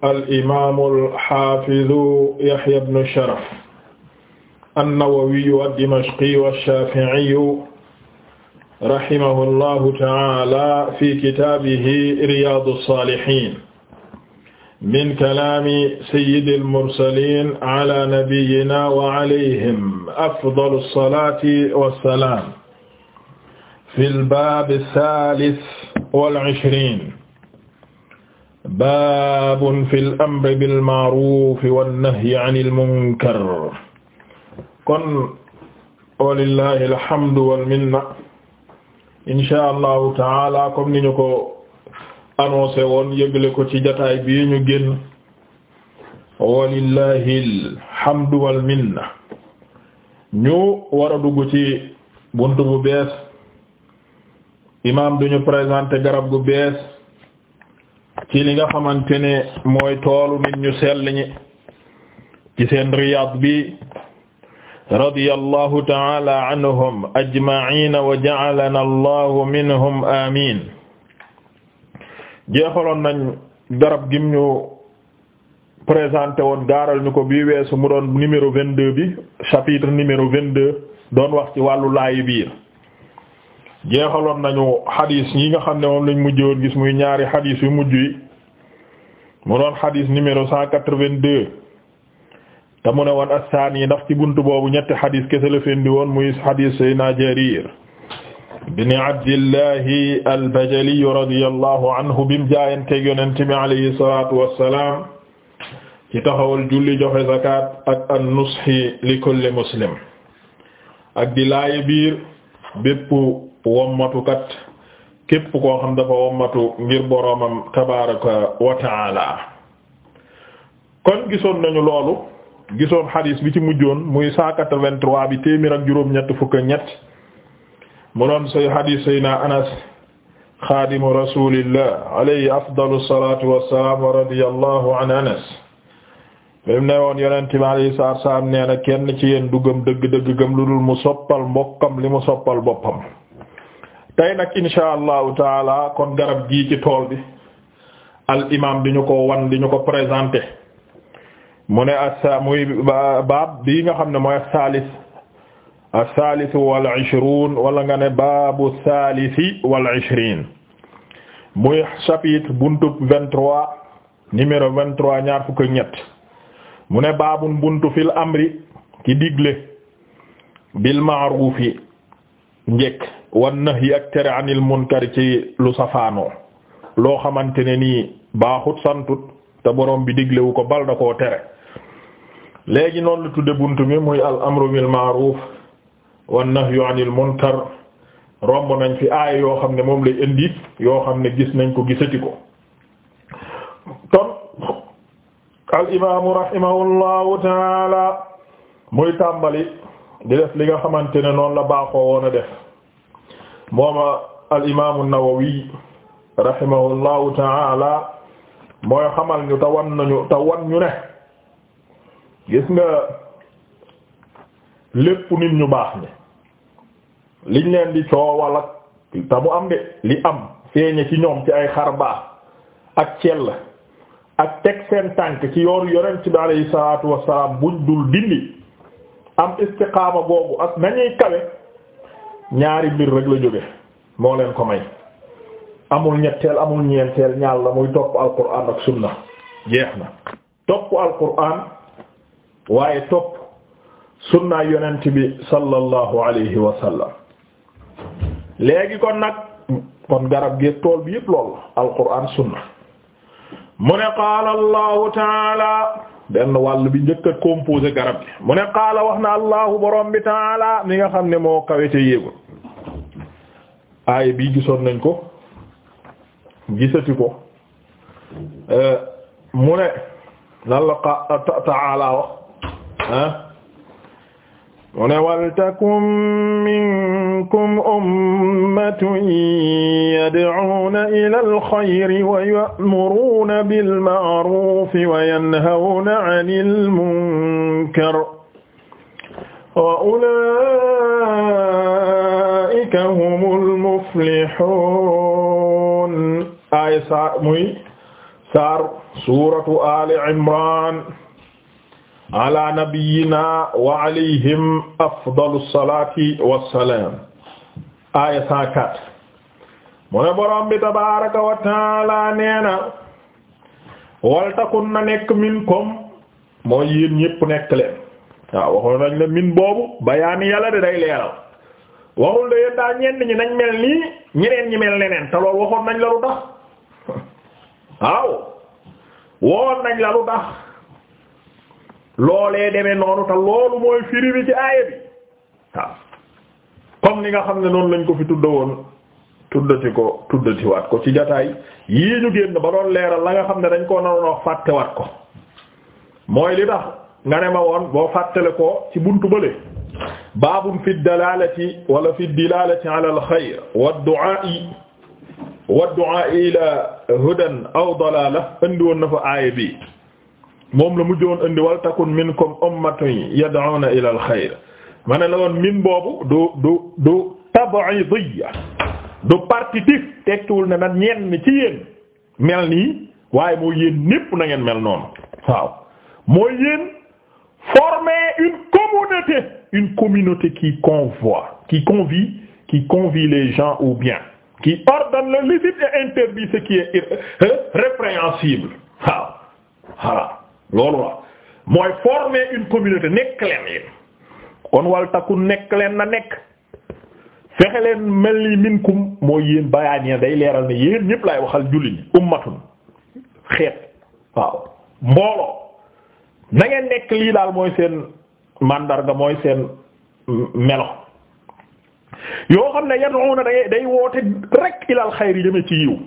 al imaamul xaafidu Yahya ibnu Sharaf an-Nawawiyu ad-Dimashqiyu ash-Shaafi'iyu rahimahullahu ta'aala fi kitaabihi Riyaadu s-Saalihiin min kalaami sayyidil mursaliin ala nabiyyinaa wa alayhim afdalu s-salaati wa s-salaam fil baabi s-saalis wal ishriin baabun fil amri bil ma'ruuf wan nahyi anil munkar kon walillahi alhamdu wal minna insha taala comme ni ñu ko annoncé woon yëgle ko ci jataay bii ñu génn walillahi alhamdu wal ñu war a ci buntu bu bees imaam duñu présenté garab gu bees ci li nga xamante ne mooy toolu nit ñu sell ci seen Riyad bi radiyallahu ta'ala anhum ajma'in wa ja'alana allahu minhum amin jeexaloon nañ garab gim ñu présenté woon gaaral ñu ko bii weesu mu doon numéro vingt-deux bi chapitre numéro vingt-deux doon wax ci wàllu laayi biir jeexaloon nañu xadis yi nga xam ne moom lañ mujj woon gis muy ñaari xadis yu mujj yi mu doon xadis numéro cent quatre-vingt-deux te mu ne woon as-saani ndax ci bunt boobu ñetti xadis kese la fendi woon muy xadis sayna Jarir ibn Abdillahi al-Bajali radiyallahu anhu bim jaayanteeg yonent bi alayhi salaatu wassalaam ci taxawal julli joxe zakat ak an-nushi li kulli muslim ak di laaye biir bépp wommatukat képp koo xam dafa wommatu ngir boroomam tabaraka wa taala kon gisoon nañu loolu gisoon xadiis bi ci mujjoon muy cent quatre-vingt-trois bi téeméer ak juróom-ñett fukk ñett mu doon xadiis sayna anas xaadimu rasulillah alayhi afdalu salatu wa radiyallahu an anas bim ne woon yonent bi alayhi salaatu salaam nee na kenn ci yéen du gëm dëgg-dëgg gëm lu dul mu soppal mbokkam li mu soppal boppam tey nag insha allahu taala kon garab gii ci tool bi al imam di ñu ko wan di ñu ko présenté mu ne asa muy baab bi nga xam ne mooy saalis as-saalis wal wala nga ne baabu saalisi wala ishriin muy chapitre buntub vingt-trois numéro vingt-trois ñaar fukk ñett mu ne baabun buntu fil amri ki digle bil ma'rufi njekk wan yi ak tere anil munkar ci lu safaanoo loo xamante ne nii baaxut santut te borom bi diglewu ko bal da koo tere léegi noonu la tudde buntu mi muy al amru bil ma'ruf wan nahyu anil munkar romb nañ fi aaya yoo xam ne moom lay indi yoo xam ne gis nañ ko gisati ko al imaamu rahimahullahu taala muy tàmbali di def li nga xamante ne noonu la baaxoo woon a def mooma al imaamu nawawi rahimahullahu taala mooy xamal ñu te wan nañu te wan ñu ne gis nga lépp nit ñu baax ni liñ leen di coowal ak te mu am de li am feeñe ci ñoom ci ay xar baax ak cell ak teg seen tànk ci yoonu yonent bi alayhi salaatu wassalaam buñ dul dindi am istiqaama boobu ak nañuy kawe ñaari mbir rek la jóge moo leen ko may amul ñetteel amul ñeenteel ñaar la muy topp alquran ak sunna jeex na topp alquran waaye topp sunna yonent bi sallallahu alayhi wa sallam léegi kon nag kon garab gee tool bi yëpp lool alquran sunna mu ne qaala allahu taala benn wàll bi njëkka a garab gi mu ne qaala wax na allahu borom bi taala mi nga xam ne moo kawete yéegul aaya bii gisoon nañ ko gisati ko mu ne lan la taala wax ah mu ne waltakum minkum ummatun yad'uuna ilal xayri wa ya'muruuna bil ma'ruufi wa yanhawna 'anil munkar wa ulaa'ika humul muflihuun ay saar muy saar suuratu Aali Imraan ala nabiyyina wa alayhim afdalu salaati wassalaam aaya 104 mu ne borom bi tabaaraka wa taala nee na wal takun na nekk minkum mooy yéen ñépp nekk leen waaw waxoon nañ la min boobu bayaani yàlla de day leeral waxul de yéen daal ñenn ñi nañ mel nii ñeneen ñi mel neneen te loolu waxoon nañ la lu tax waaw waxoon nañ la lu tax loolee demee noonu te loolu mooy firi ci aaya bi comme ni nga xam ne noonu lañ ko fi tudda woon tuddati ko tuddati waat ko ci jataay yii ñu génn ba doon leeral la nga xam ne dañ koo naroon wax fàtte waat ko mooy li tax nga ne ma woon boo fàttale ko ci buntu bële baabum fi dalalati wala fi dilalati ala al xayr wa du'a wa du'a ila hudan aw dalala andi woon na fa aaya bi moom la mu mujjoon indi wal takun minkum ummatun yad'una ila al xayr ma ne la woon min boobu du du du tab'idiyya du partitif tekkiwul ne nag ñenn ci yéen mel nii waaye moo yéen ñépp na mel noonu waaw mooy yéen former une communauté une communauté qui convoie qui convie qui convie les gens au bien qui ordonne le licite et interdit ce qui est répréhensible loolu la mooy former une communauté nekk leen yéen kon wal takun nekk leen na nekk fexe leen mel ni minkum mooy yéen bayaanee day leeral ne yéen ñëpp laay waxal julli ñi ummatun xeet waaw mbooloo na nekk lii daal mooy seen mandarga mooy seen melo yoo xam ne yad'una day day woote rek ilal xayri jëme ci yiw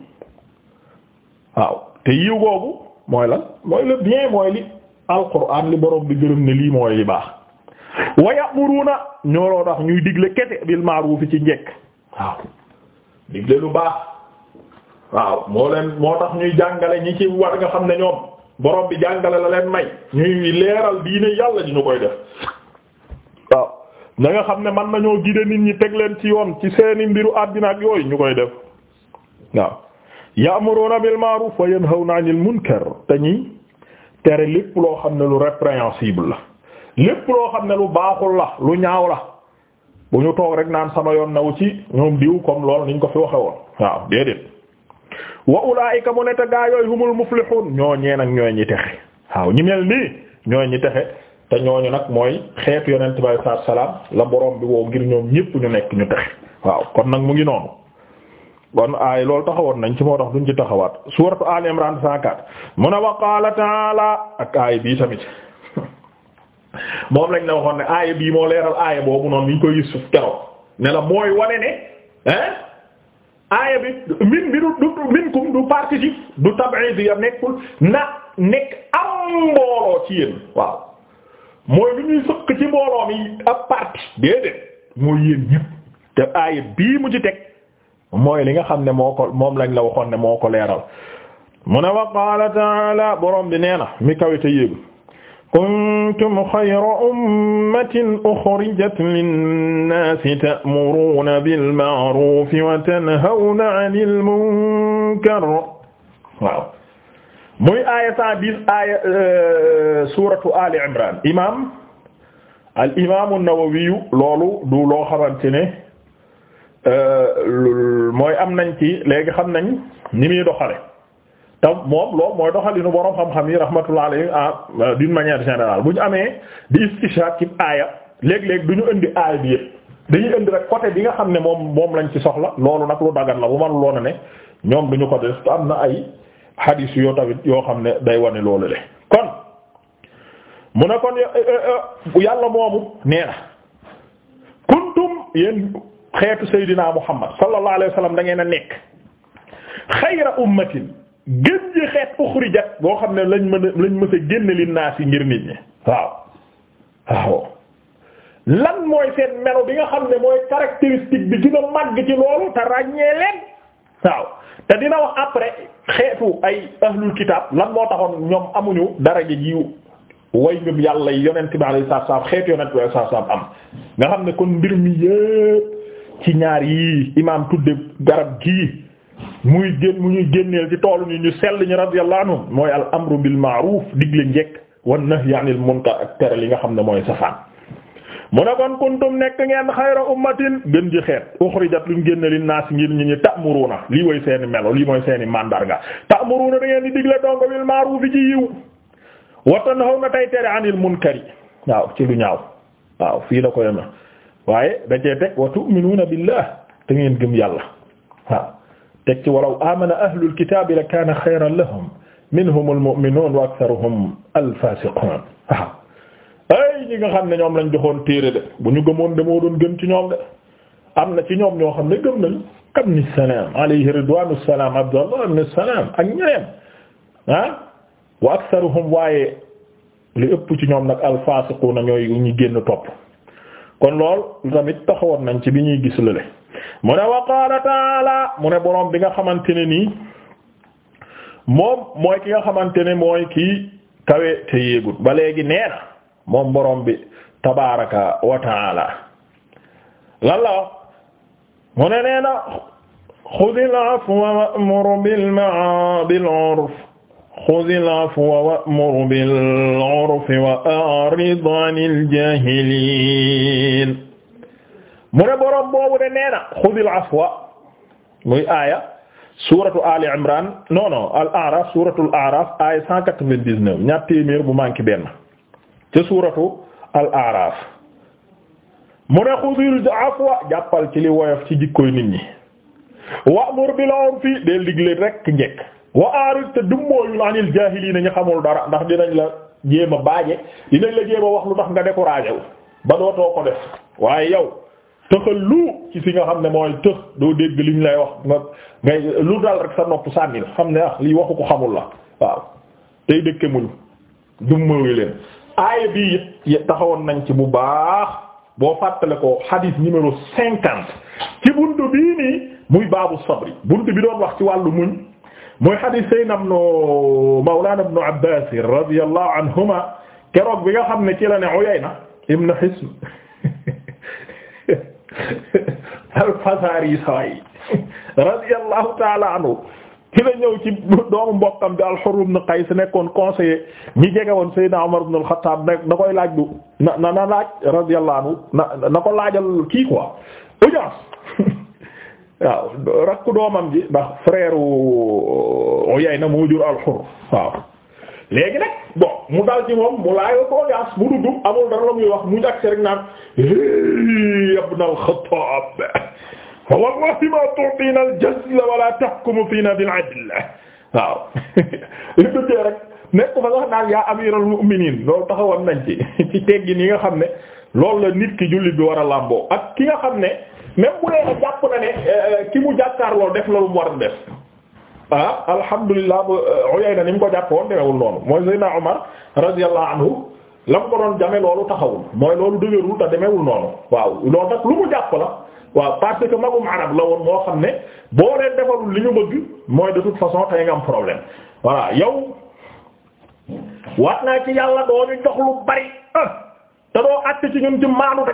waaw te yiw googu mooy la mooy le bien mooy li alquran li borom bi gërëm ne lii mooy li baax wa ya'muruna ñoo loo tax ñuy digle kete bil ma'ruf ci njekk waaw digle lu baax waaw moo leen moo tax ñuy jàngale ñi ci war nga xam ne ñoom borom bi jàngale la leen may ñuy leeral diine yàlla di ñu koy def waaw ña xam ne man nañoo gide nit ñi teg leen ci yoon ci seeni mbiru àddina ak yooyu ñu koy def waaw ya'muruna bil ma'ruf wa yanhawna 'anil munkar te ñi tere lépp loo xam ne lu répréhensible la lépp loo xam ne lu baaxul la lu ñaaw la bu ñu toog rek naan sama yoon naw ci ñoom diw comme lool niñ ko fi waxe woon waaw déedéet wa ulaa'ika mu ne te gaa yooyu humul muflihun ñoo ñee nag ñooy ñi texe waaw ñi mel nii ñooy ñi texe te ñooñu nag mooy xeetu yonent bi sallallahu alayhi wasallam la borom bi woo ngir ñoom ñépp ñu nekk ñu texe waaw kon nag mu ngi noonu kon aay loolu taxawoon nañ ci moo tax duñ taxawaat suuratu Al Imran 104 mu ne wa qaala taala ak aay bii tamit moom lañ la waxoon ne aay bii moo leeral aay boobu noonu ni ñu koy Yuusuf keroog ne la mooy wane ne hein aaya bi min bi du minkum du participe du tab'id ya nekkul na nekk am mbooloo ci yéen waaw mooy lu ñuy sëq ci mbooloo mi ab parti déedéet mooy yéen ñépp te aaya bii mu ci teg mooy li nga xam ne moo ko moom lañ la waxoon ne moo ko leeral mu ne wa qaala taala borom bi nee na mi kawite yéegu kuntum xayra ummatin uxrijat linnaasi ta'muruuna bilma'ruufi wa tanhawna 'anil munkar waaw muy aaya cent dix aaya euh, suratu ali imran imam al imam an-Nawawi loolu du loo xamante ne Euh, mooy am nañ ci léegi xam nañ ni muy doxale te moom loolu mooy doxalinu boroom xam-xam yi rahmatullah alayhi ah euh, d'une manière bu ñu amee di istishaq ci aaya léeg-léeg du ñu indi aaya bi yëpp dañuy indi rek côté bi nga xam ne moom moom lañ ci soxla loolu nag lu dagan la bu mënul woon a ne ñoom duñu ñu ko def am na ay hadith yoo tamit yoo xam ne day wane loolu le kon mu ne kon euh, yàlla moomu nee na kuntum yéen xeetu Seydina Muhammad sallallahu alayhi wa sallam da ngeen a nekk xayra ummatin gën ji xeet uxrijat boo xam ne lañ mën a lañ mës a génn li yi ngir nit ñi waaw waaw lan mooy seen melo bi nga xam ne mooy caractéristique bi gën a ci loolu te ràññee leen waaw te dina wax après xeetu ay ahlul kitab lan moo taxoon ñoom amuñu ji jiw way ngëm yàlla yonent bi alayhi salaam xeetu yonent bi alayhi salaam am nga xam ne kon mbir mi yépp ci ñaar yii imaam tudd garab gii muy gén mu ñuy génneel ci toolu ni ñu sell ñu radiyallahu anhu mooy al amru bil ma'ruf digle njekk wan nahyi anil munkar ak tere li nga xam ne mooy safaan mu ne kon kuntum nekk ngeen xayra ummatin gën ji xeet uxrijat luñ génne li naas ngir ñi ñi ta'muruna lii mooy seeni melo lii mooy seeni mandarga ta'muruna da ngeen di digle donc bil ma'ruf ci yiw wa tanhawna tay tere anil munkari waaw ci lu ñaaw waaw fii la waaye da cee teg wa tu'minuuna billah te ngeen gëm yàlla waaw teg ci walaw amana ahlul kitaabi la kaana xayran lahum minhum almu'minuun wa aktharuhum alfaasiquun waaw ay ñi nga xam ne ñoom lañ joxoon téere de bu ñu gëmoon damoo moo doon gën ci ñoom de am na ci ñoom ñoo xam ne gëm nañ kam ni salaam alayhi ridwaanu salaam abdallah ibn salaam ak ñeneen ah waaye li ëpp ci ñoom nag alfaasiquuna ñooy ñu génn topp kon lool tamit taxawoon nañ ci bi ñuy gis lële mu ne wa qaala taala mu ne boroom bi nga xamante ne nii moom mooy ki nga xamante ne mooy kii kawe te yéegut ba léegi nee moom boroom bi tabaraka wa taala lan la mu ne nee na xudil afwa wa'mur bil ma'ruf xudil afwa wa'mur bil urfi wa a'rid mu ne boroom boobu de nee na xudil muy aaya suuratu Ali Imran non non al-A'raf suuratul A'raf aaya 199 ñaar bu manqué benn ca suuratu al-A'raf mu ne xudil afwa jàppal ci li woyof ci jikkoy nit ñi wa'mur bil urfi del digle rek njekk wa aarid te dummóoyul anil jaahiliina ñu xamul dara ndax dinañ la jéem a baaje dinañ la jéem a wax lu tax nga découragé wu ba dootoo ko def waaye yow tëxal lu ci fi nga xam ne mooy tëx doo dégg liñ lay wax nga ngay lu dal rek sa nopp sànni xam ne ah lii waxu ko xamul la waaw tey dëkke muñ dummóoyu leen aaya bii it taxawoon nañ ci bu baax boo fàttale ko hadith numéro cinquante ci buntu bii nii muy baabu sabri buntu bi doon wax ci wàllu muñ mooy xadis Seydina ibnu Mawlaana ibnu Abbaas radiyallahu anhuma keroog bi nga xam ne ci la ne Uyayna ibnu Hisn al-Fazaari saway radiyallahu ta'ala anhu ci la ñëw ci doomu mbokkam bi al-Hurr ibnu Qays nekkoon conseiller ñi jege woon Seydina Umar ibnu al-Xattaab ne na koy laaj du na na na laaj radiyallahu anhu na na ko laajal kii quoi audience waaw rakku doomam ji ndax frère Uyayna moo jur al-Hurr waaw léegi nag bon mu dal ci moom mu laajoo ko yaas mu dugg amul dara la muy wax mu njëkk rek naan ibn al-Khattab fa wallahi ma tu'tina al-jazl wa la tahkumu fina bil-'adl waaw li duggee rek nekk fa sax naan yaa amiral mu'minin loolu taxawoon nañ ci ci teggin nga xam ne loolu la nit ki jullit bi war a làmboo ak ki nga xam ne. même bu dee ne jàpp na ne euh, ki mu jàkkaarloo def la lu mu war a def ah alhamdulilah ba euh, Uyayna ni mu ko jàppoon demewul noonu mooy Seydina Omar radiyallahu anhu la mu ko doon jame loolu taxawul mooy loolu dëgërul te demewul noonu waaw loolu nag lu mu jàpp la waaw parce magum arab la woon moo xam ne boo leen defalul li ñu bëgg mooy de toute façon tey nga am problème voilà yow waat naa ci yàlla doo ñu jox lu bari ah, te doo àtte ci ñun ci maanu te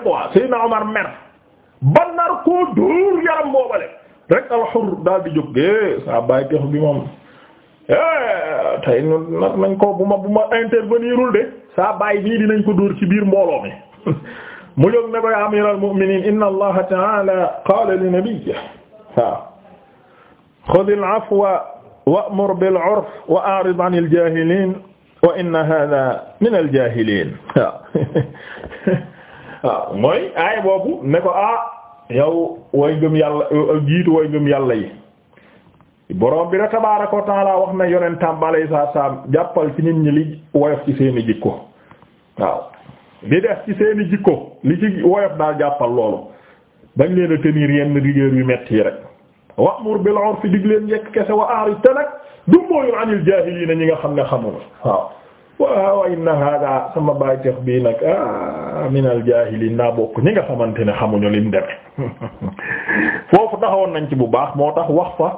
ba nar koo dóor yaram boobale rek alxur daal di jóg eh saa bàyyi tex bi moom eh tey ñun nar nañ ko bu ma bu ma intervenirul de saa bàyyi bii dinañ ko dóor ci biir mbooloo mi mu jóg ne ko yaa amiral mu'minin inna allaha ta'ala qala li nabiyyihi xudil afwa wa'mur bil 'urf wa a'rid 'anil jaahiliin wa inna haadha minal jaahiliin waaw waaw mooy aaya boobu ne ko ah yow way ngëm yàlla jiitu way ngëm yàlla yi borom bi da tabaaraka wa taala wax na yonentam balay saa saam jàppal ci nit ñi li woyof ci seeni jikko waaw li def ci seeni jikko li ci woyof daal jàppal loolu bañ leen a tenir yenn rigueur yu metti yi rek wa'mur bil 'urfi dig leen yekk kese wa a'rid te nag du mooyu 'anil jaahiliina ñi nga xam ne xamul waaw wa inna hada sama bàyteex bii nag ah, minal jaahiliin naa bokk ñi nga xamante ne xamuñu lim deme foofu taxawoon nañ ci bu baax moo tax wax fa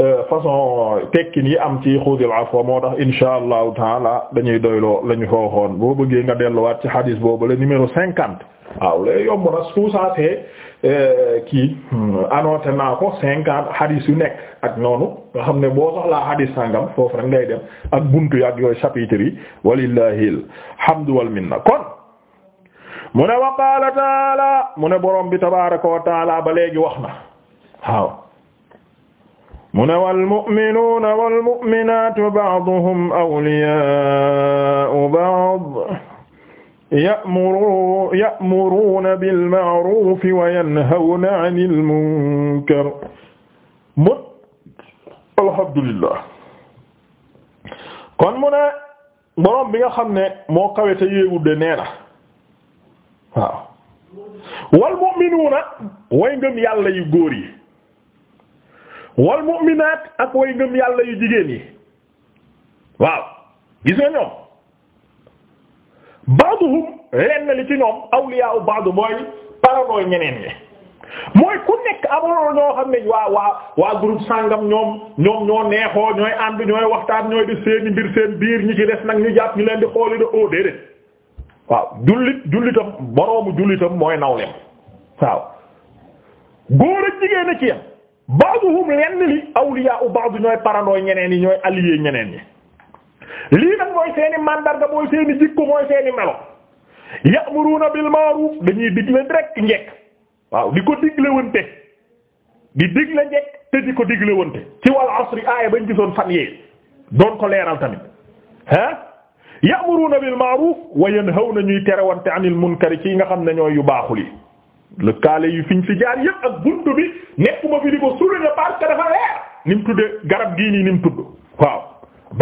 euh, façon tekkin yi am ci xudil afwa moo tax insha allahu taala dañuy doyloo lañu ñu fooxoon boo bëggee nga delluwaat ci xadiis boobu la numéro cinquante waaw léegi yomb na tout ça c'est euh, kii hmm, annoté naa ko cinquante xadiis yu nekk ak noonu nga xam ne boo soxlaa xadiis sàngam foofu rek ngay dem ak bunt yi ak yooyu chapitre yi walillahi alhamdu wal kon mu ne wa qaala taala mu ne borom bi tabaaraka wa taala ba léegi wax na waaw mu ne wal mu'minuuna wal mu'minaatu ba'duhum awliyaa'u ba'd ya'muru ya'muruuna bil ma'ruufi wa yanhawna 'anil munkar mu alhamdulillah kon mu ne borom bi nga xam ne moo kawe te yéegul de nee na waaw wal mu'minuuna way ngëm yàlla yu góor yi wal mu'minaat ak way ngëm yàlla yu jigéen yi waaw gis nga ñoom baaduhum lenn li ci ñoom awliyaa baadu mooy paranooy ñeneen ñi mooy ku nekk amoon na ñoo xam ne waa waa waa groupe sangam ñoom ñoom ñoo neexoo ñooy ànd ñooy waxtaan ñooy def seeni mbir seen biir ñi ci des nag ñu jàpp ñu leen di xooli de oo oh, déedéet waaw jullit jullitam boroomu jullitam mooy nawleem waaw góor ak jigéen a ci yam ba'duhum lenn li awliyaa'u ba'd ñooy parandooy ñeneen yi ñooy alliés ñeneen ñi lii nag mooy seeni mandarga mooy seeni jikko mooy seeni melo ya'muruna bil ma'ruf dañuy digle rek njekk waaw di ko digle wante di digle njekk te di ko digle wante ci wal asri aaya bañ gisoon fan yee doon ko leeral tamit ah ya'muruna bil ma'ruf wa yanhawna ñuy terewante anil munkar ci nga xam ne ñooy yu baaxul yi lëkkaale yu fiñ fi jaar yëpp ak buntu bi nekkuma fi di ko souligner parce que dafa leer ni mu tuddee garab gii nii ni mu tudd waaw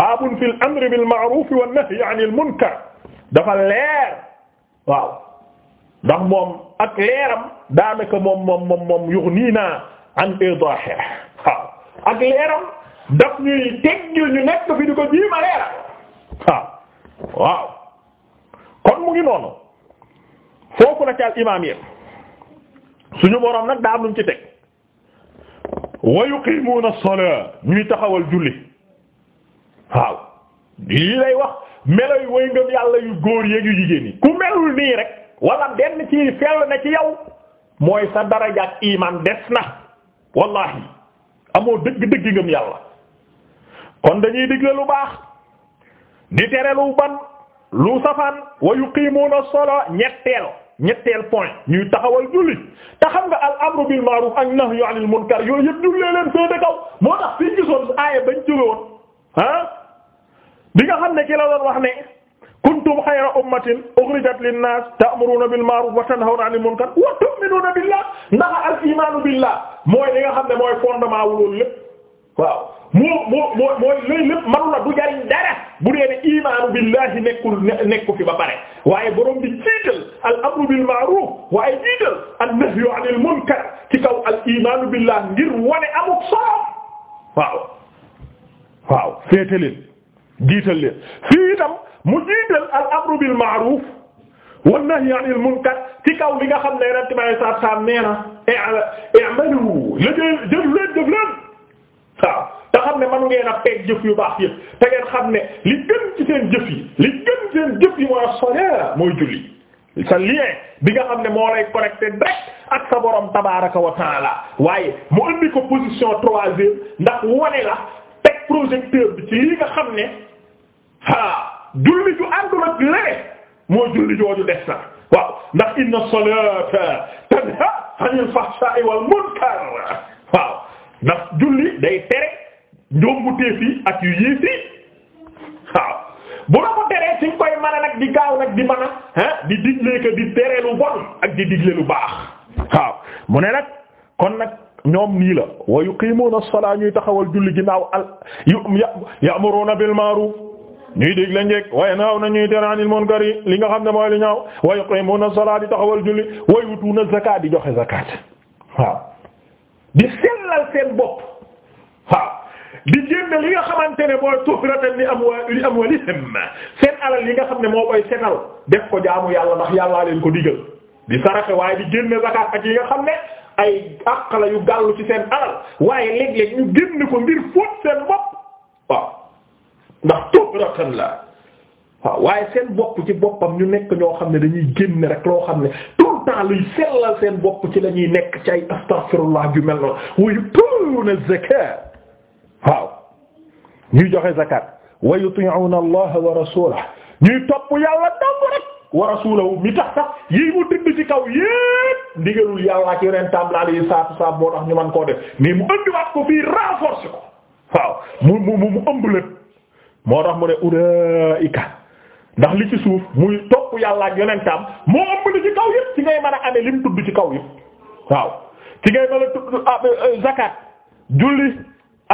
baabun fil amri bil ma'ruf wan nahyi anil dafa leer waaw ndax moom ak leeram daanaka moom moom moom an idahi waaw ak leeram daf ñuy teggil ñu nekk fi di ko jiima leeram waaw waaw kon mu ngi noonu foofu la ci al imaam yépp suñu boroom nag daa am lu mu ci teg wa yuqimuuna as ñuy taxawal julli waaw lii lay wax melo yu way ngëm yàlla yu góor yeeg yu jigéen yi ku melul nii rek wala benn ci fell na ci yow mooy sa daraja ak iman des na wallahi amoo dëgg-dëgg ngëm yàlla kon dañuy digle lu baax di tere lu ban lu safaan wa yuqimuuna as-salaa ñetteel ñetteel point ñuy taxawal julli te xam nga al amru bil ma'ruf ak nahyu 'anil munkar yooyu yëpp jullee leen féete kaw moo tax fii gisoon aaya bañ jëloon ah nga xam ne ki la doon wax ne kuntum xayra ummatin uxrijat linnaas ta'muruna bil ma'ruf wa tanhawna 'anil munkar wa tu'minuna billah ndax al imaanu billah mooy li nga xam ne mooy fondement wu loolu lépp waaw moo moo moo mooy léegi lépp manu la du jariñ dara bu dee ne imaanu billahi nekkul nekku fi ba pare waaye borom bi jiital al amru bil ma'ruf waaye jiital an nahyu anil munkar ci kaw al imaanu billah ngir wane amut solo waaw waaw féete leen jiital leen fii itam mu jiital al amru bil ma'ruf wan nahyu anil munkar ci kaw li nga xam ne ren tamit ay saabsaab nee na i'malu jëf leen jëf leen waaw te xam ne manu ngeen a peeg jëf yu baax yëpp te ngeen xam ne li gën ci seen jëf yi li gën seen jëf yi mooy soleer mooy julli sa lien bi nga xam ne moo lay connecté direct ak sa borom tabaraka wa taala waaye mu indi ko position troisième ndax wone la teg projecteur bi ci li nga xam ne ah julli ju àndul ak lene mooy julli jooju des na waaw ndax inna salata tanha anil fahsha'i wal munkar waaw ndax julli day tere njombuteef yi ak yu yiis yi waaw bu la teree ci koy mën a nag di gaaw nag di mën a di digle ko di tere lu bon ak di digle lu baax waaw mu ne nag kon nag ñoom nii la wa yuqimuuna as-salaa ñuy taxawal julli ginnaaw al yu ya'muruuna bil ma'ruuf ñuy dégg njëkk waaye naaw na ñuy tere anil munkar li nga xam ne mooy li ñaaw wa yuqimuuna as-salaa di taxawal julli wa yu'tuuna zakaat di joxe zakaat waaw di sellal seen bopp waaw di génne li nga xamante ne mooy tuhratan li amwa li amwalihim seen alal yi nga xam ne moo koy setal def ko jaamu yàlla ndax yàllaa leen ko digal di saraxe waaye di génn zakat ak yi nga xam ne ay àq la yu gàllu ci seen alal waaye léeg-léeg ñu génn ko ngir fóot seen bopp waaw ndax tuhratan la waaw waaye seen bopp ci boppam ñu nekk ñoo xam ne dañuy génn rek loo xam ne. pourtant luy seen bopp ci la ñuy nekk ci ay astaghfirullah ju mel noonu wa yutuuna zakat ñuy joxe zakat wa yuti'una allaha wa rasulahu ñuy topp yàlla dong rek wa rasulahu mi tax sax yii mu tibb ci kaw yépp ndigalul yàlla ak yeneen tàmbali yi saatu saab boo tax ñu mën koo def mais mu ëndiwaat ko fii renforcer ko waaw mu mu mu ëmb lépp moo tax mu ne ulaika ndax li ci suuf muy topp yàlla ak yonentam moo ëmb li ci kaw yëpp ci ngay mën a àndee lim tudd ci kaw yëpp waaw ci ngay mën a tudd ah, euh, euh, zakat julli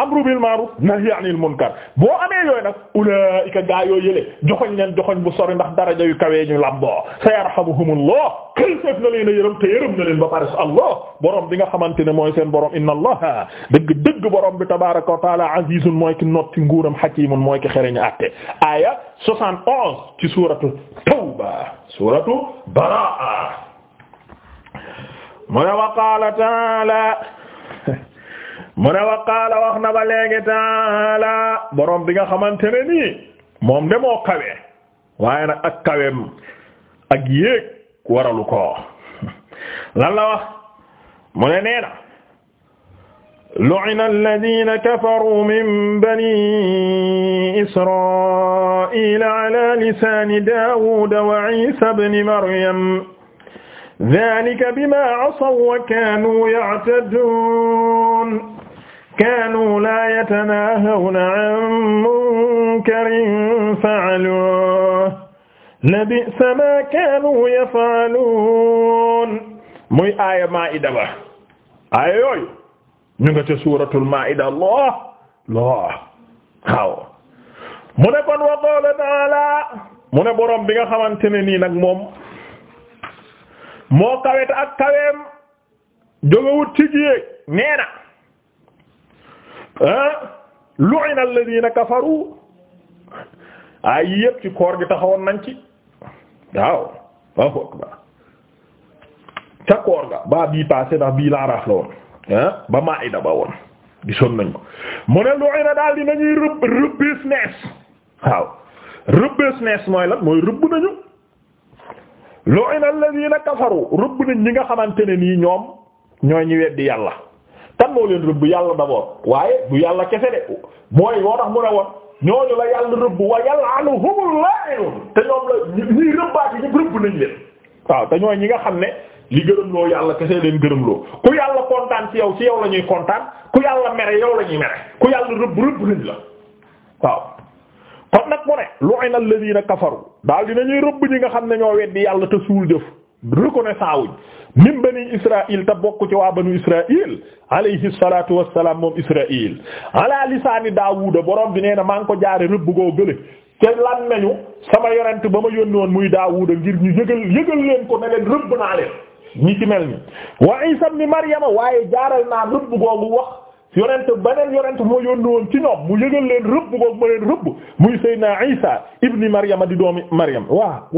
amru bil ma'ruf nahyi anil munkar boo amee yooyu nag ulaa'ika gaa yoo yële joxoñ leen joxoñ bu sori ndax daraja yu kawee ñu lamboo sayarhamuhumullah këlfeef na leen a yërëm te yërëm na leen ba pare allah borom bi nga xamante ne mooy seen borom inna allah dëgg dëgg borom bi tabaaraka wa taala azizun mooy ki notti nguuram hakiimun mooy ki xereñu àtte aaya 71 ci suuratu tawba suuratu baraa mu ne wa qaala taala mu ne wa qaala wax na ba léegi taala borom bi nga xamante ne nii moom de moo kawe waaye nag ak kaweem ak yéeg waralu ko lan la wax mu ne nee na lu'ina alladhina kafaru min bani israila ala lisani dawuda wa isa ibn maryam dhalika bima asaw wa kanu ya'tadun kaanu laa yatanaahawna an munkarin fa'aluuhu labi'sa maa kaanu yaf'aluun muy aaya Maa'ida ba aaya yooyu ñu nga ca suuratul Maa'ida Allah Allah waaw mu ne kon wa qaala ta'aalaa mu ne boroom bi nga xamante ne nii nag moom moo kaweta ak kaweem jógawut ci nee na lu'ina alladhina kafaru ay yëpp ci koor gi taxawoon nañ ci waaw ca koor ga baa bii passé ndax bii la araaf la woon ba Maa'ida ba woon gisoon nañ ko mu ne na daal di nañuy rëbb rëbbees nees waaw rëbbees nees mooy la mooy rëbb nañu lu'ina alladhina kafaru rëbb nañ ñi nga xamante ne nii ñoom ñooy ñi weddi yàlla kan moo leen rëbb yàlla d'abord waaye bu yàlla kese de mooy moo tax mu ne woon ñooñu la yàlla rëbb wa yal'anuhumul la'inun te ñoom la ñuy rëbbaati ñëpp rëbb nañ leen waaw te ñooy ñi nga xam ne li gërëm loo yàlla kese leen gërëm loo ku yàlla kontaan ci yow ci yow la ñuy kontaan ku yàlla mere yow la ñuy mere ku yàlla rëbb rëbb nañ la waaw kon nag mu ne lu'ina alladhina kafaru daal dina ñuy rëbb ñi nga xam ne ñoo weddi yàlla te suul jëf reconnaissant min bani Israaïl te bokk ci waa banu Israaïl alayhi salaatu wa salaam moom Israaïl ala lisaani Daawuda borom bi nee na maa ngi ko jaare rëbb goo gële te lan nañu sama yonent ba ma yónni woon muy Daawuda ngir ñu yëgal yëgal leen ko ne leen rëbb naa leen ñi ci mel ni wa Isa ibn Maryama waaye jaaral naa rëbb googu wax ba beneen yonent moo yónni woon ci ñoom mu yëgal leen rëbb googu ma leen rëbb muy Seydina Isa ibn Maryama di doomi Maryam waa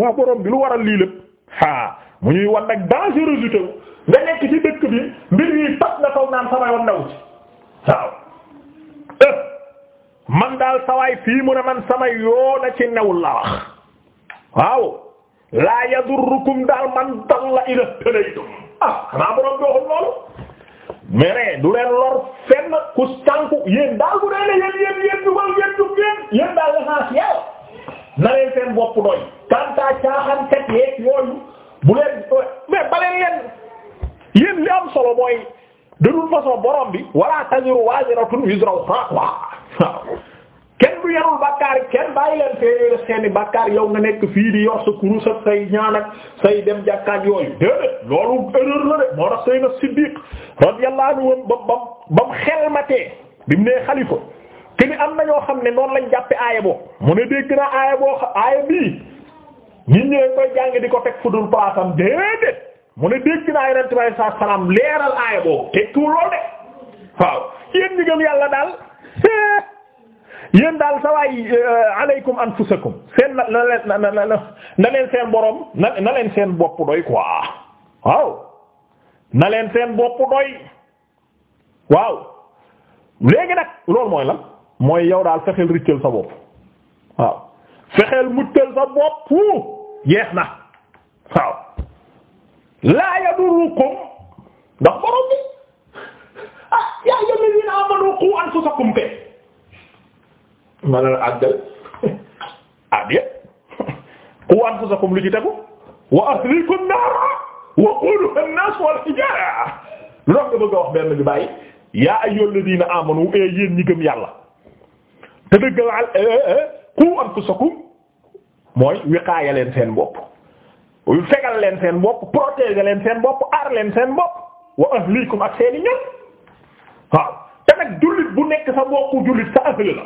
mu ñuy wan nag dangerosité wu nga nekk ci dëkk bi mbir yi tas nga toog naan sama yoon new ci eh. man daal sawaay fii mu ne man sama yoon a ci newul la wax waaw laa yadurrukum daal man dalla ila talaytum ah xanaa borom bi waxul loolu du leen lor fenn ku sànku yéen daal bu dee ne yéen yéen yéen dugal yéen dug yéen yéen daal l'essentiel na leen seen bopp doy kanta caaxankat yeeg yooyu bu leen mais baleen leen yéen li am solo mooy de façon borom bi wala taziru waziratun wizra ukhra waaw kenn du yarul bàkkaar kenn bàyyi leen fee def seeni bàkkaar yow nga nekk fii di yor sa kurus say ñaan say dem jàkkaat yooyu déedéet loolu erreur la de moo tax Seydina Siddiq radiyallahu anhu ba ba ba mu xelmatee bi mu nee xalifa te ni am na ñoo xam ne noonu lañ jàppe aaya boobu mu ne dégg naa aaya boo aaya bii nit ñëwee koy jàng di ko teg fu dul palaasam déedéet mu ne dégg naa yonent bi saa salaam leeral aaya boobu tekkiwul lool de waaw yéen ñi yàlla daal yéen daal sa waay euh, aleykum anfusakum seen na na leen na seen borom na na leen seen boppu doy quoi waaw na leen seen bopp doy waaw léegi nag loolu mooy lan mooy yow daal fexeel rëccal sa bopp waaw fexeel muccal sa bopp. jeex na waaw laa yadurukum ndax borom bi ah yaa ayyuhal lazina amanu qu anfusakum ke ma ne la àggal àggal qu anfusakum lu ci tegu wa ahlikum naara wa quduha an-nas wal hijara lu nga bëgg a wax benn bi bàyyi yaa ayyuhal lazina amanu eh, yéen ñi gëm yàlla te dëggal eh, eh, qu anfusakum mooy wiqaaya leen seen bopp fegal leen seen bopp protéger leen seen bopp aar leen seen bopp wa ahlikum ak seeni ñoom waaw te nag jullit bu nekk sa mbokku jullit sa ahli la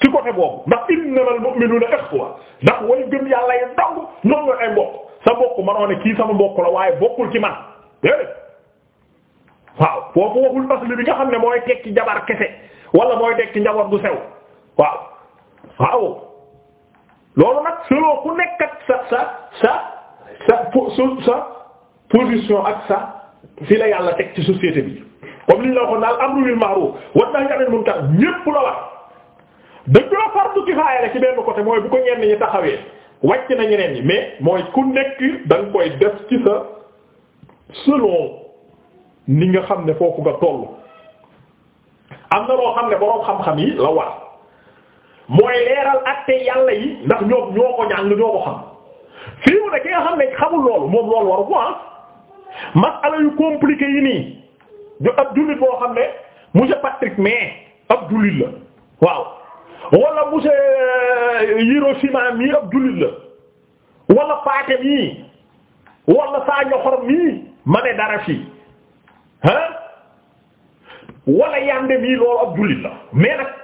ci côté boobu ndax innamal mu'minuna ikhwa ndax way gëm yàlla yi dong ñoom ñooy ay mbokk sa mbokk mënoo ne kii sama mbokk la waaye bokkul ci man déedéet waaw foofu waxul ahli bi nga xam ne mooy tekki jabar kese wala mooy tekki njaboot gu sew waaw waaw. loolu nag selon ku nekk ak sa sa sa sa sa position ak sa fi la yàlla teg ci société bi comme li ñu la waxoon daal amru bil ma'ruf wa nahyi anil munkar ñépp la wax dëgg la fardu kifaaya la ci benn côté mooy bu ko ñenn ñu taxawee wàcc na ñeneen yi mais mooy ku nekk da nga koy def ci sa selon ni nga xam ne foofu nga tollu am na loo xam ne boroom xam-xam yi la war mooy leeral atte yàlla yi ndax ñoo ñoo ko ñàng ñoo xam fii mu ne ki nga xam ne xamul loolu moom loolu waru ko ah. masala yu compliqué yi nii ñu ab jullit boo xam ne monsieur Patrick mais ab jullit la waaw wala monsieur euh, Hiroshima mii ab jullit la wala Paate mii wala saa ñoxor mii ma ne dara fii ah wala yande mii loolu ab jullit la mais nag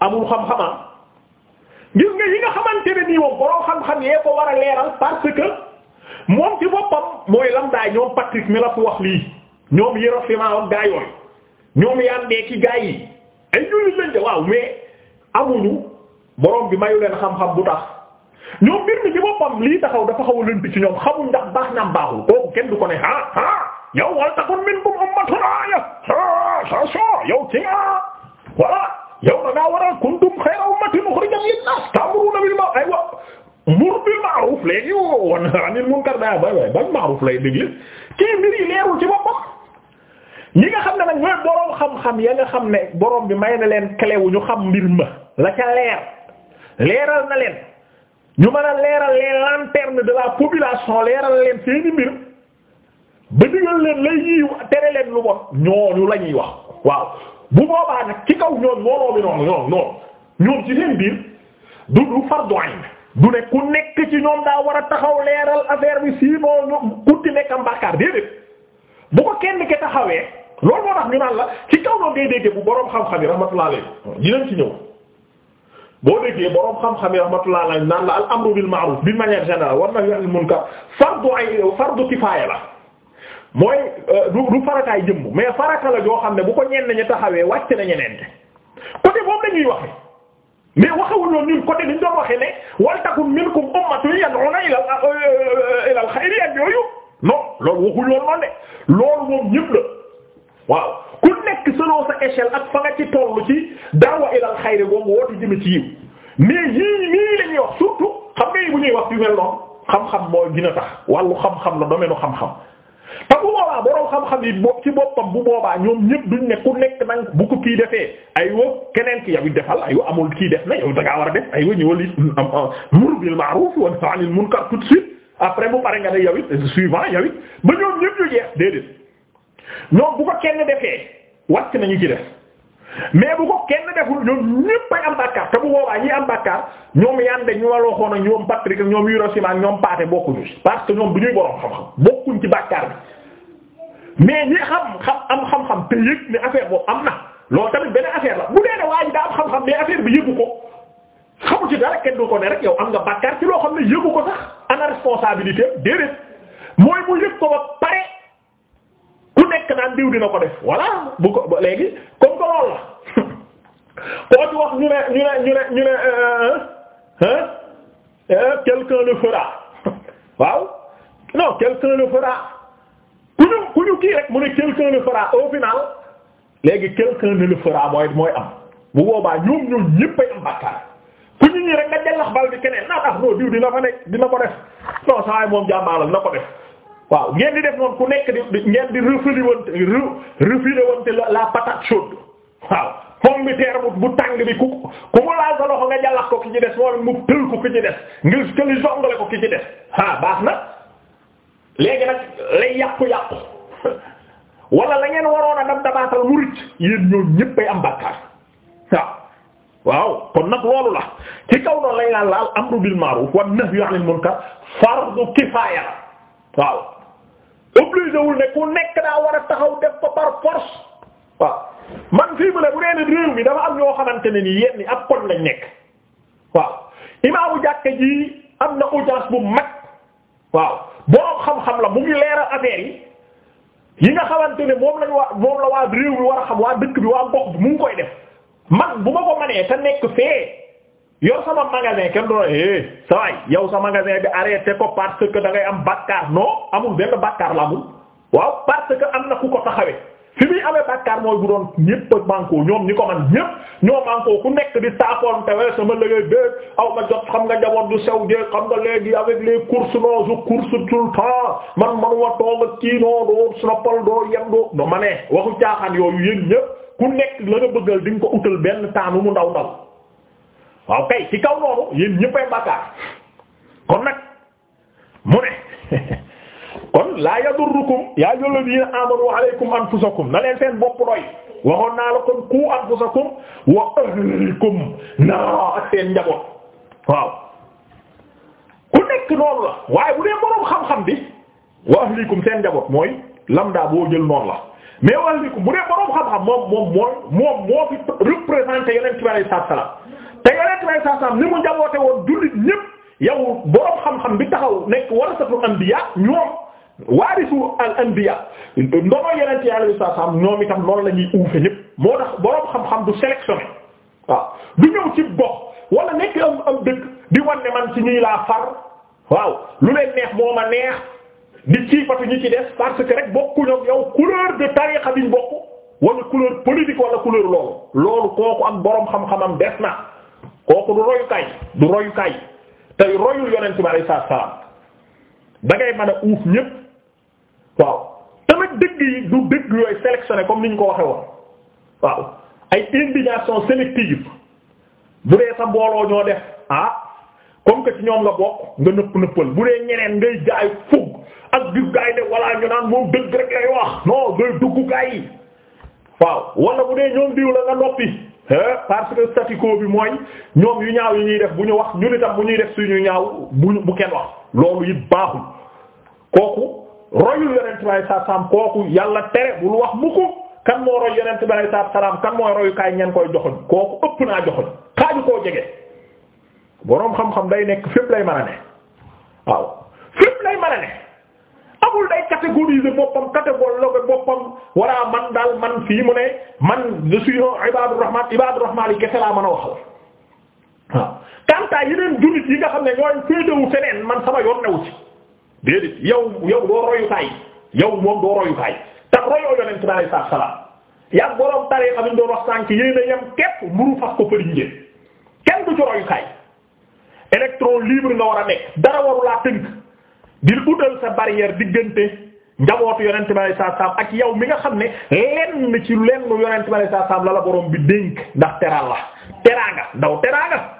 amul xam-xamaa ngir nga yi nga xamante ne nii moom borom xam-xam yee ko war a leeral parce que moom ci boppam mooy lam daay ñoom Patrick mi la fi wax lii ñoom yëro fimaam gaa yooyu ñoom yandee ki gaa yi ay jullit lañ de waaw mais amuñu borom bi mayu leen xam-xam bu tax ñoom mbir mi ci boppam lii taxaw dafa xaw a lënt ci ñoom xamuñ ndax baax na baaxul kooku kenn du ko ne ah ah yow wal takun minkum ummatun raaya ah ça ça yow ci nga voilà. yow da ngaa war a kuntum xayra ummatin ukhrijat lin-naas ta'muruna bil ma'ruf aywa mur bil ma'ruf léegi wan 'anil munkar daa lay digle mbir yi leerul ci boppam ñi nga xam ne nag ñooy boroom xam-xam ya nga xam ne boroom bi may na leen clé ñu xam mbir ma la ca leer leeral na leen ñu mën a leeral les lanternes de la population leeral leen seeni mbir ba digal leen lay yiw tere leen lu bon ñooñu la ñuy wax waaw bu boobaa nag ci kaw ñoom mbooloo mi noonu ñoom ñoom ñoom ci seen biir du du fardu ayn du ne ku nekk ci ñoom daa war a taxaw leeral affaire bi sinon ñoom ku nekk am bàkkaar déedéet bu ko kenn ki taxawee lool moo tax ñu naan la ci kaw noonu day déggee bu boroom xam-xam yi rahmatullah alayhi dinañ ci ñëw. boo déggee boroom xam-xam yi rahmatullah alayhi naan la al amru bil ma'ruf d'une manière générale war na yor munkar fardu ay fardu kifaaya la. mooy euh, du du farataay jëmm mais farata la joo xam ne bu ko ñeen ñu taxawee wàcc na ñeneen côté boobu la ñuy waxe mais waxawul loolu ñun côté bi ñu doon waxee ne wal takun minkum ummatun yad'una ila euh, euh, ila al-khayri ak yooyu non loolu waxul moom ñëpp la waaw ku nekk selon sa échelle ak fa nga ci tollu ci daawa ila al-khayri boobu woote ci yiw mais yii nii la wax surtout xam nga bu ñuy wax yu mel xam-xam moo gën a tax wàllu xam-xam la domaine xam-xam. te bu boobaa borom xam-xam yi bo ci boppam bu boobaa ñoom ñëpp duñ ne ku nekk nang bu ko kii defee aywa keneen ki yow it defal aywa amul kii def na yow da ngaa war a def aywa ñëwal it muru bil ma'ruf wa nahy anil munkar tout de suite après bu pare nga ne yow it suivant yow it ba ñoom ñëpp ñu jeex déedéet ñoom bu ko kenn defee wàcc nañu ci def mais bu ko kenn deful ñoom ñëpp am bàkkaar te bu boobaa ñi am bàkkaar ñoom yaan ñu waloo xoon ñoom Patrick ak ñoom Urosima ak ñoom Paate bokkuñu parce que ñoom du ñuy borom xam-xam ci bàkkaar bi mais ñi xam xam am xam-xam te yëg ne affaire boobu am na loolu tamit benn affaire la bu dee ne waa xam-xam mais affaire bi yëgu ko xamu ci dara kenn du ko ne rek yow am nga bàkkaar ci loo xam ne yëgu ko sax ana responsabilité déedéet mooy mu yëg ko ba pare ku nekk naan diw dina ko def voilà bu ko léegi comme que loolu la koo ci wax ñu ne ñu ne ñu ne ñu ne euh, hein euh, quelqu'un le waaw non quelqu'un le ñu ku ñu kii rek mu ne quelqu'un le fera au final léegi quelqu'un ne le fera mooy mooy am bu boobaa ñoom ñoom ñépp ay am bàkkaar ku ñu ñi rek nga jëllax bal bi keneen naa tax ah, non diw dina fa nekk dina ko def non saa yi moom jàmbaala dina ko def waaw ngeen di def noonu ku nekk di ngeen di refilé wante refilé wante la patate chaude waaw pomme de terre bu tàng bi ku ku mu laal sa loxo nga jàllax ko ki ci des moom mu tël ko ki ci des ngir këli jongale ko ki ci des ah baax na léegi nag lay yàqu-yàqu wala la ngeen waroon a dab mu rëcc yéen ñoom ñëppay am bàkkaar waaw waaw kon nag loolu la ci kaw noonu lañ naan laal amru bil ma'ruf wan nahyu 'anil munkar fardu kifaaya wul ne ku nekk daa war a taxaw def ko par force waaw man fii mu ne bu dee réew mi dafa am ñoo xamante ne ni yéen ñi ab kon lañ nekk waaw imaamu jàkka ji am na audience bu mag waaw. boroom xam-xam la mu ngi leeral affaire yi yi nga xamante ne moom lañ waa moom la waa réew mi war a xam waa dëkk bi waa gox bi mu koy def man bu ma ko manee te nekk fee yor sama magasin kenn doon eh sa waay yow sa magasin bi arrêté ko parce que da ngay am bakkaar non amul benn bakkaar la amul waaw parce que am na ku ko taxawee. fi muy amee mooy bu doon ñépp a mànkoo ñoom ñi ko man ñépp ñoo mànkoo ku nekk di saakoon a sama liggéey bee aw ma jot xam nga jaboot du sew jee xam nga léegi avec les courses non su course tout le temps man manuma toog ak kii noo doo snoppal doo yem doo no ma ne waxu caaxaan yooyu yéen ñépp ku nekk la nga bëggal di nga ko utal benn taanu mu ndaw ndaw waaw kay ci kaw noonu yéen ñéppay bàkkaar kon nag mu ne kon laa yadurrukum yaa ayyuhalladhina amanu wa alaykum anfusakum na leen seen bopp doy waxoon naa la kon ku anfusakum wa ahlikum naa ak seen njaboot waaw ku nekk noonu la waaye bu dee boroom xam-xam bi wa ahlikum seen njaboot mooy lamda boo jël noonu la mais wa ahlikum bu dee boroom xam-xam moom moom mooy moom moo fi représenté yonent bi sallallahu alayhi wasallam te yonent bi sallallahu alayhi wasallam ni mu njaboote woon jullit ñépp yow boroom xam-xam bi taxaw nekk warasatul anbiya waarisu al anbiya ndono yeneen ci alayhi salaam itam noonu la ñuy uufe ñëpp moo tax boroom xam-xam du sélectionné waaw du ñëw ci gox wala nekk am am dëkk di wan man ci ñuy laa far waaw lu leen neex moo ma neex di ciifatu ñi ci des parce que rek bokkuñu ak yow couleur de tariqa biñ bokk wala couleur politique wala couleur loolu loolu kooku am boroom xam-xamam des na kooku du royukaay du royukaay tey royul yonent bi alayhi salaam da ngay waaw tamit dëgg yi du dëgg yooyu sélectionné comme ni ñu ko waxee woon waaw ay indignation sélective bu dee sa mbooloo ñoo def ah comme que ci ñoom nga bokk nga nëpp nëppal bu dee ñeneen ngay jaay fukk ak du gaay de walla ñu naan moom dëgg rek lay wax non ngay duggukaay yi waaw wala bu dee ñoom diw la nga noppi. parce que statu bi mooy ñoom yu ñaaw yi ñuy def bu ñu wax ñu ni tam bu ñuy def suñu ñaaw bu bu kenn wax loolu it baaxul kooku royul yonent bi saa saam kooku yàlla tere bul wax mu ko kan moo roy yonent bi saa salaam kan mooy royukaay ñan koy joxoñ kooku ëpp naa joxoñ xaaju koo jege boroom xam-xam day nekk lay mën a ne waaw fépp lay mën a boppam walla man daal man fii mu ne man je suis Ibadur Rahman Ibadur Rahman yi kese mën a waxal waaw tant yeneen jullit yi nga xam ne ñooy féetewu feneen man sama yoon newu ci. déedéet yow yow doo royukaay yow moom doo royukaay tax royoo yonent bi alayhi salaam yaa borom taree xam ne wax sànk yéen a yem képp muru fas ko përiñ ngeen kenn du ci royukaay électron libre nga war a nekk dara waru laa tënk di utal sa barrière diggante njabootu yonent bi alayhi salaam ak yow mi nga xam ne lenn ci lenn yonent bi alayhi salaam la la borom bi dénk ndax teral la teraanga ndaw teraanga.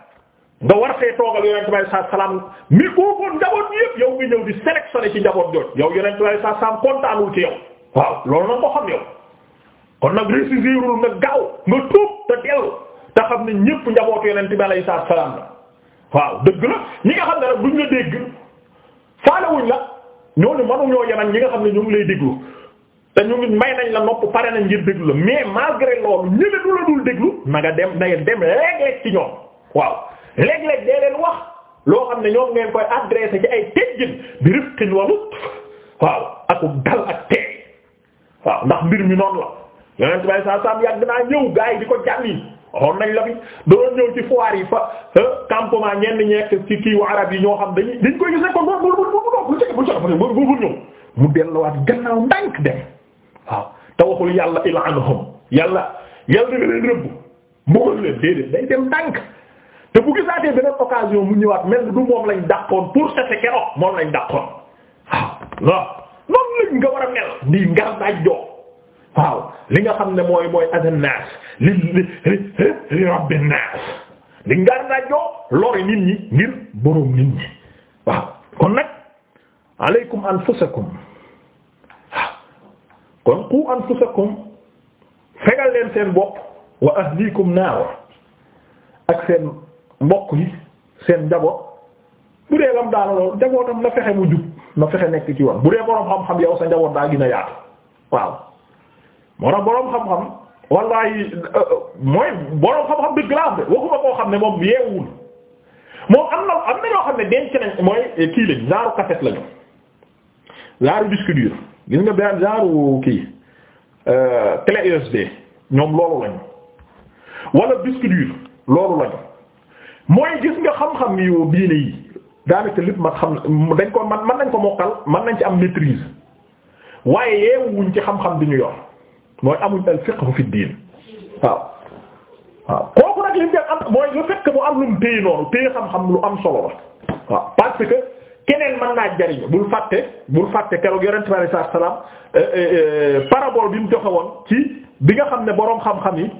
nga war fee toogal yonent bi saa salaam mi uufoon njaboot yëpp yow nga ñëw di sélectionné ci njaboot jot yow yonent bi saa salaam kontaanul ci yaw waaw loolu nag moo xam yow kon nag réussirul nga gaaw nga tuub te dellu te xam ne ñëpp njabootu yonent bi saa salaam la waaw dëgg la ñi nga xam ne rek duñ la dégg faalewuñ la ñooñu mënuñoo yem ak ñi nga xam ne ñu ngi lay déglu te ñu may nañ la nopp pare nañ ngir déglu la mais malgré loolu dem na nga dem rek ci léeg-léeg dee leen wax loo xam ne ñoo ngeen koy adressé ci ay teggin bi rifqin wa lutf waaw ak dal ak teey waaw ndax mbir mi noonu la yonent bay saa saam yàgg naa ñëw gaa yi di ko jàlli xool nañ la bi doon ci foire yi fa campement ñenn ñekk ci kii arab yi ñoo xam dañuy dañ koy gis ne kon loolu loolu loolu bu bu bu bu bu bu ñëw mu delluwaat gannaaw ndànk dem waaw te waxul yàlla il'anhum yàlla yàlla nga leen rëbb mboolu leen déedéet day dem ndànk. te bu gisaatee beneen occasion mu ñëwaat mel du moom lañ dàqoon pour sese keroog moom lañ dàqoon waaw noonu lañ nga war a mel di ngar waaw li nga xam ne mooy mooy adannaas li li li rabbin naas di ngar daaj nit ñi ngir boroom nit ñi waaw kon nag alaykum anfusakum waaw kon qu anfusakum fegal leen seen bopp wa ahlikum naar ak seen mbokk yi seen njaboot bu dee lam daana loolu njabootam na fexe mu jub na fexe nekk ci yoon bu dee boroom xam-xam yow sa njaboot daa gën a yaatu waaw moo tax boroom xam-xam wallahi euh, mooy boroom xam-xam dëgg laa de waxuma koo xam ne moom yeewul moom am na am na ñoo xam ne denc nañ mooy eh, kii lañ genre cassette lañu genre disque dur gis nga benn genre kii euh, clé USB ñoom loolu lañu wala disque dur loolu lañu mooy gis nga xam-xam bii diine yi daanaka lépp mat xam dañ ko man mën nañ ko mokkal man nañ ci am maîtrise waaye wuñ ci xam-xam bi ñu yor mooy amuñ al fiqh fi diin waaw waaw kooku nag liñ def am mooy lu fekk mu am lu mu téye noonu téye xam-xam lu am solo la waaw parce que keneen mën naa jariñ bul fàtte bul fàtte keroog yonent bi alayhi salaam euh, euh, euh, parabole bi mu joxe woon ci bi nga xam ne boroom xam-xam yi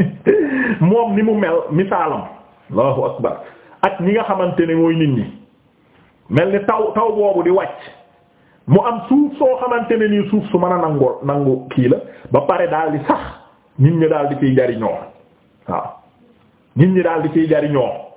moom ni mu mel misaalam allahu akbar ak ñi nga xamante ne mooy nit ñi mel ni taw taw boobu di wàcc mu am suuf soo xamante ne nii suuf su mën a nangoo nangu kii la ba pare daal di sax nit ñi daal di ciy jariñoo waaw nit ñi daal di ciy jariñoo